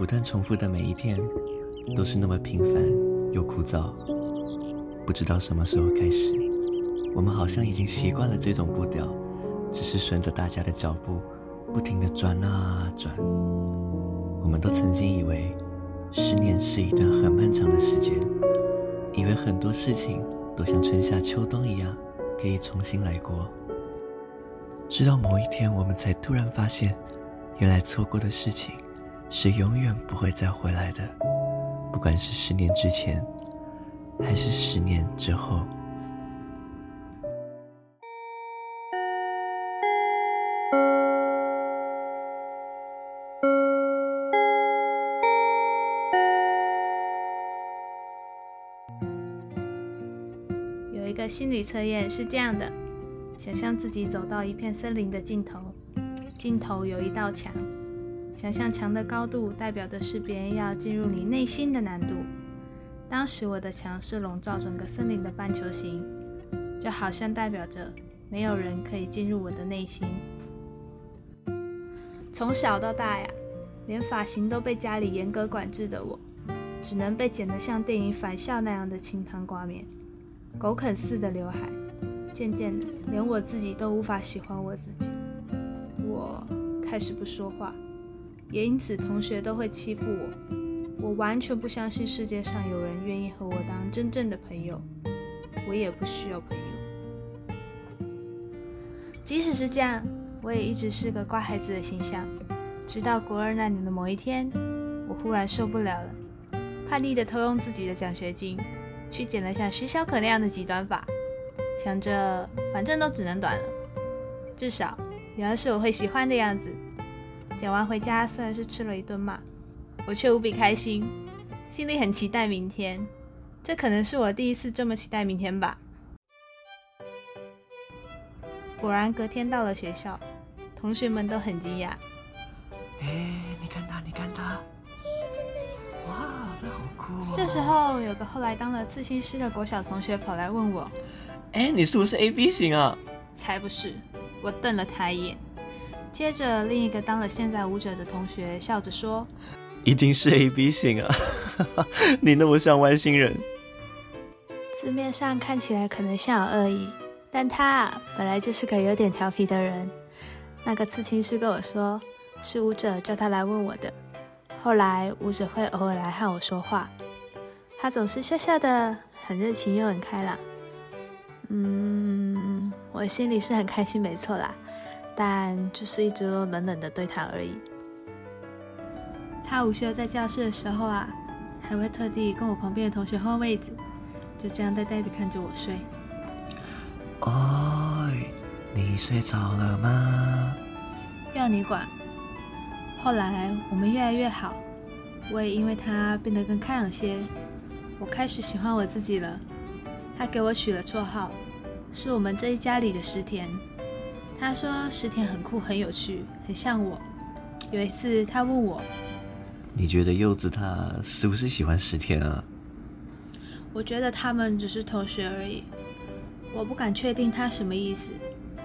不斷重複的每一天都是那麼平凡又枯燥，不知道什麼時候開始，我們好像已經習慣了這種步調，只是順着大家的腳步，不停地轉啊轉。我們都曾經以為，十年是一段很漫長的時間，以為很多事情都像春夏秋冬一樣，可以重新來過。直到某一天，我們才突然發現，原來錯過的事情，是永遠不會再回來的，不管是十年之前，還是十年之後。有一個心理測驗是這樣的，想象自己走到一片森林的盡頭，盡頭有一道牆。想象牆的高度代表的是別人要進入你內心的難度。當時我的牆是籠罩整個森林的半球形，就好像代表着沒有人可以進入我的內心。從小到大呀，連髮型都被家裡嚴格管制的我，只能被剪得像電影《返校》那樣的清湯掛麵、狗啃似的劉海。漸漸的，連我自己都無法喜歡我自己。我開始不說話。也因此，同學都會欺負我。我完全不相信世界上有人願意和我當真正的朋友。我也不需要朋友。即使是這樣，我也一直是個乖孩子的形象。直到國二那年的某一天，我忽然受不了了，叛逆的偷用自己的獎學金，去剪了像徐小可那樣的極短髮，想着反正都只能短了，至少也要是我會喜歡的樣子。剪完回家，雖然是吃了一頓罵，我卻無比開心，心裡很期待明天。這可能是我第一次這麼期待明天吧。果然隔天到了學校，同學們都很驚訝、欸。你看他，你看他。哇，這好酷啊、哦！這時候有個後來當了刺青師的國小同學跑來問我：“哎、欸，你是不是 AB 型啊？”才不是！我瞪了他一眼。接着，另一個當了現在舞者的同學笑着說：“一定是 AB 型啊， 你那麼像外星人。”字面上看起來可能像有惡意，但他本來就是個有點調皮的人。那個刺青師跟我說，是舞者叫他來問我的。後來，舞者會偶爾來和我說話，他總是笑笑的，很熱情又很開朗。嗯，我心裡是很開心，沒錯啦。但就是一直都冷冷的對他而已。他午休在教室的時候啊，還會特地跟我旁邊的同學換位子，就這樣呆呆的看着我睡。哎、哦，你睡着了嗎？要你管。後來我們越來越好，我也因為他變得更開朗些。我開始喜歡我自己了。他給我取了綽號，是我們這一家裡的石田。他說：“石田很酷，很有趣，很像我。”有一次，他問我：“你覺得柚子他是不是喜歡石田啊？”我覺得他們只是同學而已，我不敢確定他什麼意思，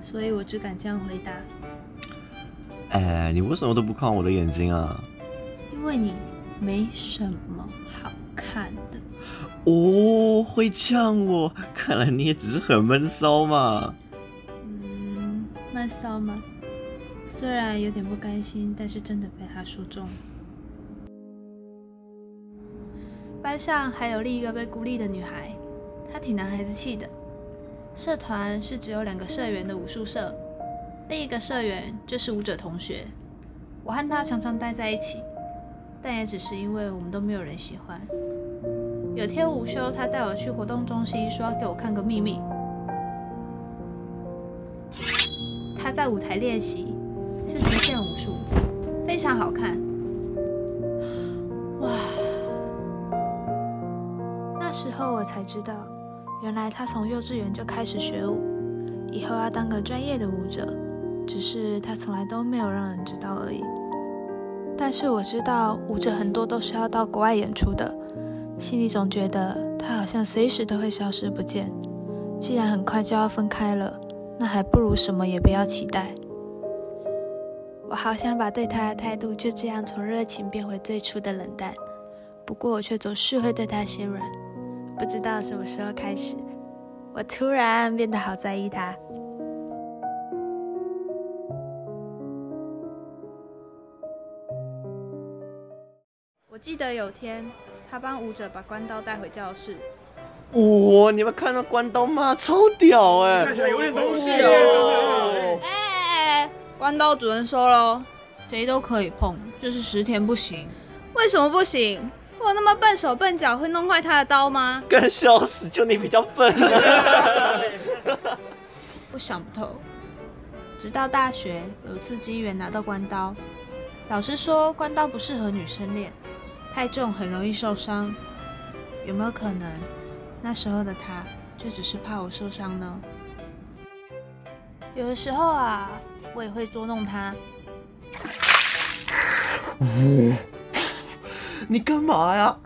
所以我只敢這樣回答。哎，你為什麼都不看我的眼睛啊？因為你沒什麼好看的。哦，會嗆我？看來你也只是很悶騷嘛。騷嗎？雖然有點不甘心，但是真的被他說中。班上還有另一個被孤立的女孩，她挺男孩子氣的。社團是只有兩個社員的武術社，另一個社員就是舞者同學。我和她常常待在一起，但也只是因為我們都沒有人喜歡。有天午休，她帶我去活動中心，說要給我看個秘密。他在舞台練習，是極限武術，非常好看。哇！那時候我才知道，原來他從幼稚園就開始學舞，以後要當個專業的舞者，只是他從來都沒有讓人知道而已。但是我知道，舞者很多都是要到國外演出的，心裡總覺得他好像隨時都會消失不見，既然很快就要分開了。那還不如什麼也不要期待。我好想把對他的態度就這樣從熱情變回最初的冷淡，不過我卻總是會對他心軟。不知道什麼時候開始，我突然變得好在意他。我記得有天，他幫舞者把關刀帶回教室。哇、哦！你們看到關刀嗎？超屌！哎、欸！看起來有點東西哦。哎哎哎！關刀主人說囉，誰都可以碰，就是十天不行。為什麼不行？我那麼笨手笨腳，會弄壞他的刀嗎？搞笑死！就你比較笨。 不，我想不透。直到大學，有次機緣拿到關刀，老師說關刀不適合女生練，太重很容易受傷。有沒有可能？那時候的他就只是怕我受傷呢。有的時候啊，我也會捉弄他。 你幹嘛呀？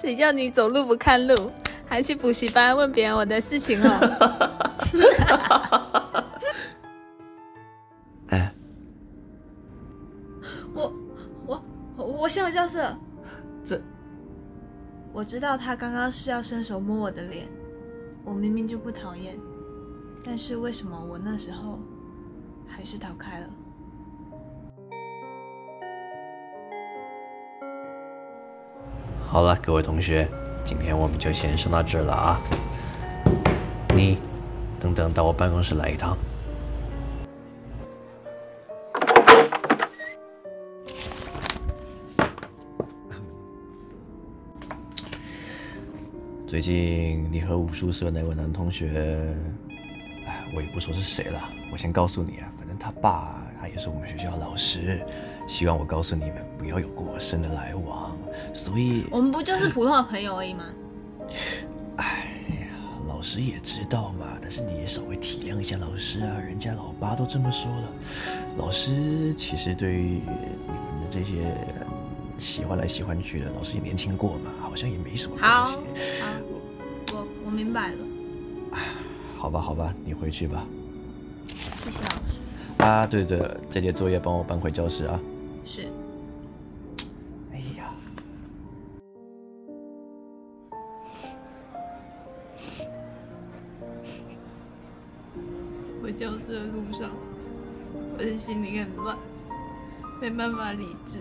誰 叫你走路不看路，還去補習班問別人我的事情哦、 哎、我我我我先回教室。我知道他剛剛是要伸手摸我的臉，我明明就不討厭，但是為什麼我那時候還是逃開了？好了，各位同學，今天我們就先上到這了啊！你等等到我辦公室來一趟。最近你和武術社那位男同學，哎，我也不說是誰了。我先告訴你啊，反正他爸他也是我們學校的老師，希望我告訴你們不要有過深的來往。所以我們不就是普通的朋友而已嗎？哎呀，老師也知道嘛，但是你也稍微體諒一下老師啊，人家老爸都這麼說了。老師其實對於你們的這些。喜歡來喜歡去的，老師也年輕過嘛，好像也沒什麼關係。好，好，我我明白了。好吧，好吧，你回去吧。謝謝老師。啊，對對對，這節作業幫我搬回教室啊。是。哎呀。回教室的路上，我的心裡很亂，沒辦法理智。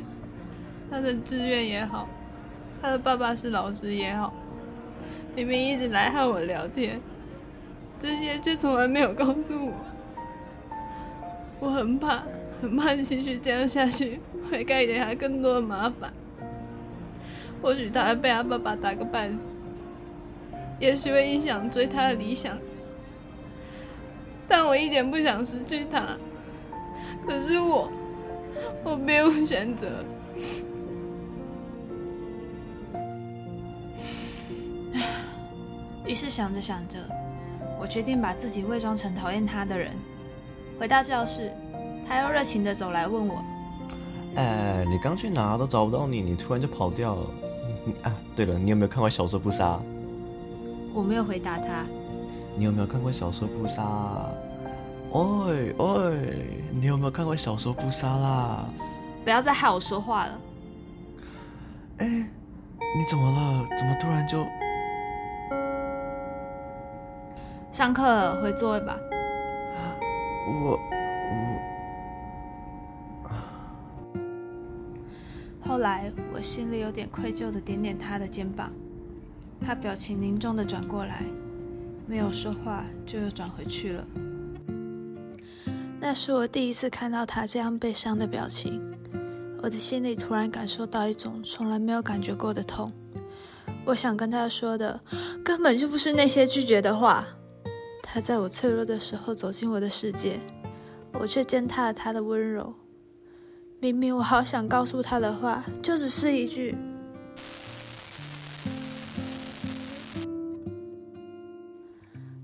他的志願也好，他的爸爸是老師也好，明明一直來和我聊天，這些卻從來沒有告訴我。我很怕，很怕繼續這樣下去會帶給他更多的麻煩。或許他會被他爸爸打個半死，也許會影響追他的理想。但我一點不想失去他，可是我，我別無選擇。於是想着想着，我決定把自己偽裝成討厭他的人。回到教室，他又熱情地走來問我：“哎，你剛去哪？都找不到你，你突然就跑掉了。啊，對了，你有沒有看過小說《不殺》？”我沒有回答他。你有沒有看過小說《不殺》？喂喂，你有沒有看過小說《不殺》啦？不要再害我說話了。哎，你怎麼了？怎麼突然就……上課了，回座位吧。我，我……我……後來，我心裡有點愧疚地點點他的肩膀。他表情凝重地轉過來，沒有說話，就又轉回去了。 那是我第一次看到他這樣悲傷的表情，我的心裡突然感受到一種從來沒有感覺過的痛。我想跟他說的，根本就不是那些拒絕的話。他在我脆弱的時候走進我的世界，我卻踐踏了他的溫柔。明明我好想告訴他的話，就只是一句。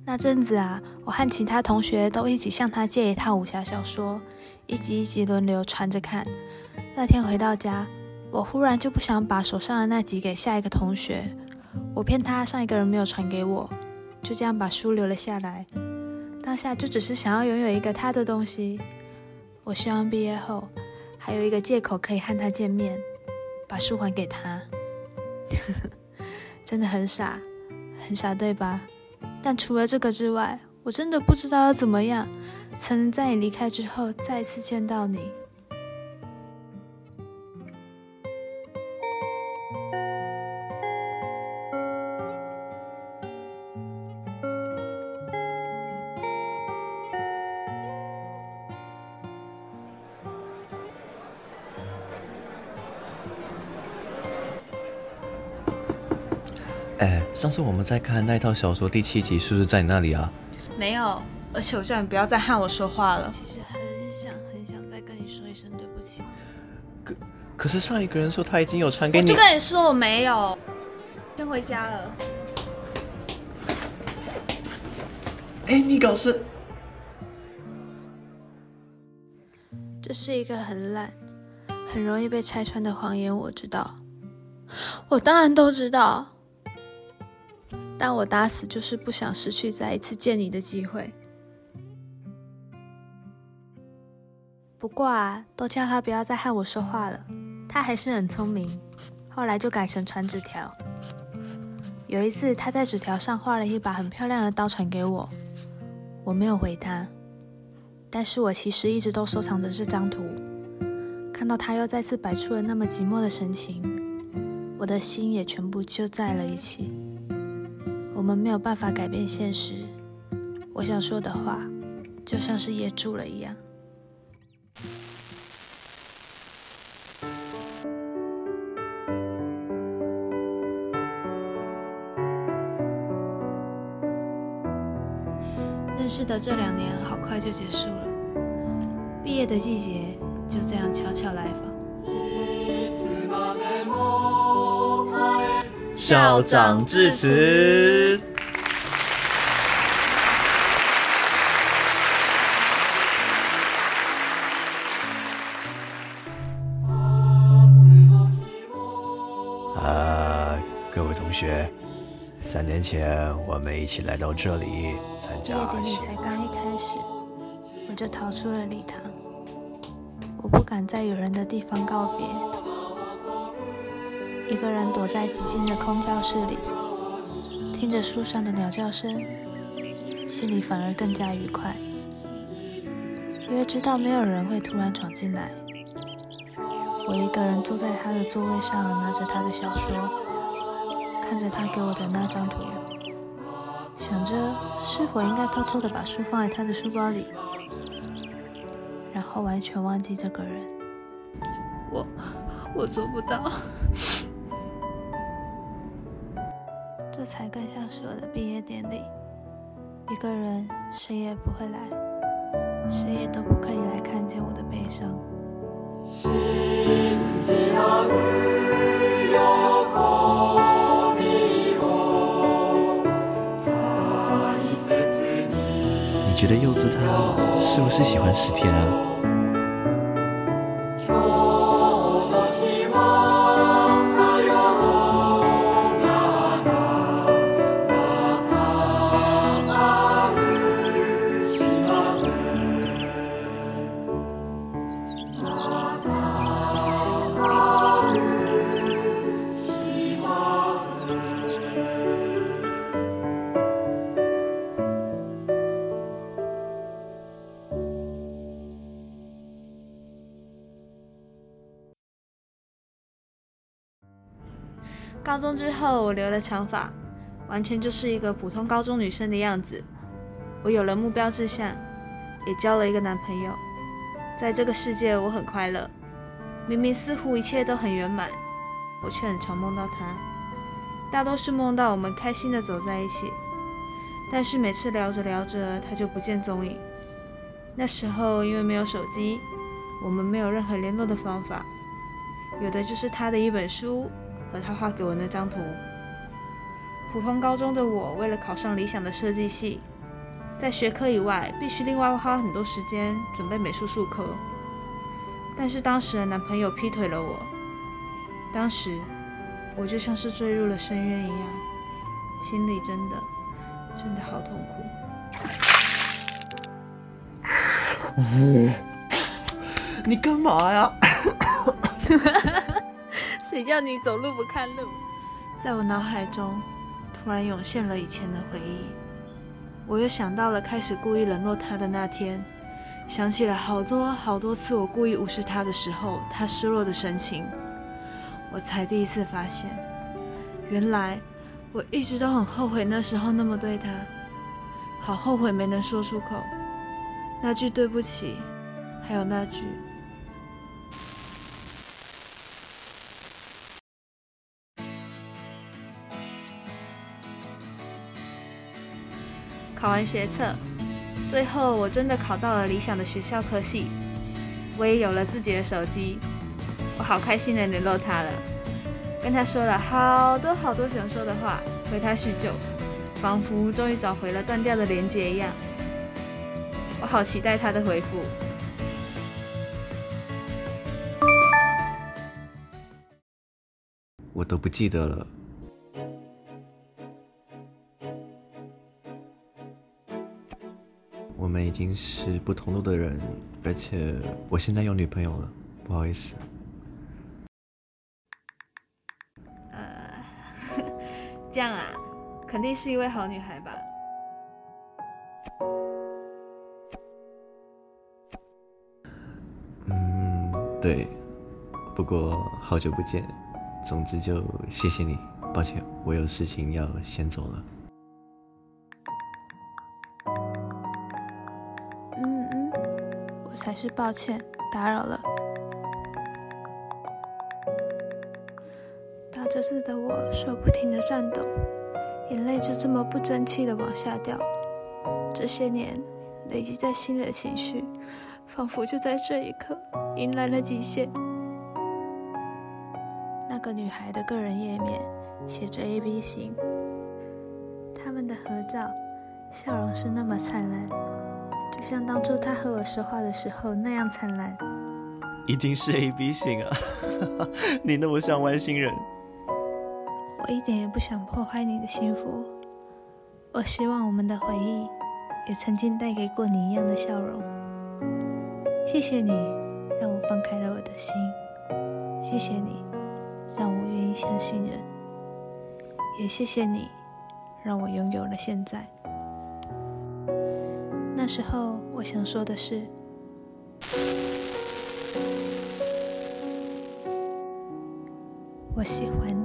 那陣子啊，我和其他同學都一起向他借一套武俠小說，一集一集輪流傳着看。那天回到家，我忽然就不想把手上的那集給下一個同學，我騙他上一個人沒有傳給我。就這樣把書留了下來，當下就只是想要擁有一個他的東西。我希望畢業後還有一個借口可以和他見面，把書還給他。 真的很傻，很傻，對吧？但除了這個之外，我真的不知道要怎麼樣才能在你離開之後再次見到你。上次我們在看那套小說第七集，是不是在你那裡啊？沒有，而且我叫你不要再和我說話了。其實很想很想再跟你說一聲對不起。可可是上一個人說他已經有傳給你，我就跟你說我沒有，先回家了。哎，你搞事！這是一個很爛、很容易被拆穿的謊言，我知道。我當然都知道。但我打死就是不想失去再一次見你的機會。不過啊，都叫他不要再和我說話了，他還是很聰明。後來就改成傳紙條。有一次，他在紙條上畫了一把很漂亮的刀，傳給我。我沒有回他，但是我其實一直都收藏着這張圖。看到他又再次擺出了那麼寂寞的神情，我的心也全部揪在了一起。我們沒有辦法改變現實，我想說的話，就像是噎住了一樣。認識的這兩年，好快就結束了，畢業的季節就這樣悄悄來訪。校長致辭。啊， uh, 各位同學，三年前我們一起來到這裡參加畢業典禮，才剛一開始，我就逃出了禮堂。我不敢在有人的地方告別。 一個人躲在寂靜的空教室裡，聽着樹上的鳥叫聲，心裡反而更加愉快，因為知道沒有人會突然闖進來。我一個人坐在他的座位上，拿着他的小說，看着他給我的那張圖，想着是否應該偷偷的把書放在他的書包裡，然後完全忘記這個人。我，我做不到。 這才更像是我的畢業典禮，一個人，誰也不會來，誰也都不可以來看見我的悲傷。你覺得柚子他是不是喜歡石天啊？高中之後，我留了長髮，完全就是一個普通高中女生的樣子。我有了目標志向，也交了一個男朋友，在這個世界我很快樂。明明似乎一切都很圓滿，我卻很常夢到他，大多是夢到我們開心的走在一起，但是每次聊着聊着他就不見蹤影。那時候因為沒有手機，我們沒有任何聯絡的方法，有的就是他的一本書。和他畫給我那張圖。普通高中的我，為了考上理想的設計系，在學科以外必須另外花很多時間準備美術術科。但是當時的男朋友劈腿了我，當時我就像是墜入了深淵一樣，心裡真的真的好痛苦。 你幹嘛呀？ 誰叫你走路不看路？在我腦海中，突然湧現了以前的回憶，我又想到了開始故意冷落他的那天，想起了好多好多次我故意無視他的時候，他失落的神情，我才第一次發現，原來我一直都很後悔那時候那麼對他，好後悔沒能說出口那句對不起，還有那句。考完學測，最後我真的考到了理想的學校科系，我也有了自己的手機，我好開心的聯絡他了，跟他說了好多好多想說的話，回他敘舊，仿佛終於找回了斷掉的連接一樣，我好期待他的回覆。我都不記得了。已經是不同路的人，而且我現在有女朋友了，不好意思。呃、uh, 這樣啊，肯定是一位好女孩吧？嗯，對。不過好久不見，總之就謝謝你，抱歉，我有事情要先走了。還是抱歉，打擾了。打著字的我手不停的顫抖，眼淚就這麼不爭氣的往下掉。這些年累積在心裡的情緒，仿佛就在這一刻迎來了極限。那個女孩的個人頁面寫着 AB 型，她們的合照，笑容是那麼燦爛。就像當初他和我說話的時候那樣燦爛，一定是 AB 型啊！哈哈，你那麼像外星人。我一點也不想破壞你的幸福，我希望我們的回憶也曾經帶給過你一樣的笑容。謝謝你讓我放開了我的心，謝謝你讓我願意相信人，也謝謝你讓我擁有了現在。時候，我想說的是，我喜歡你。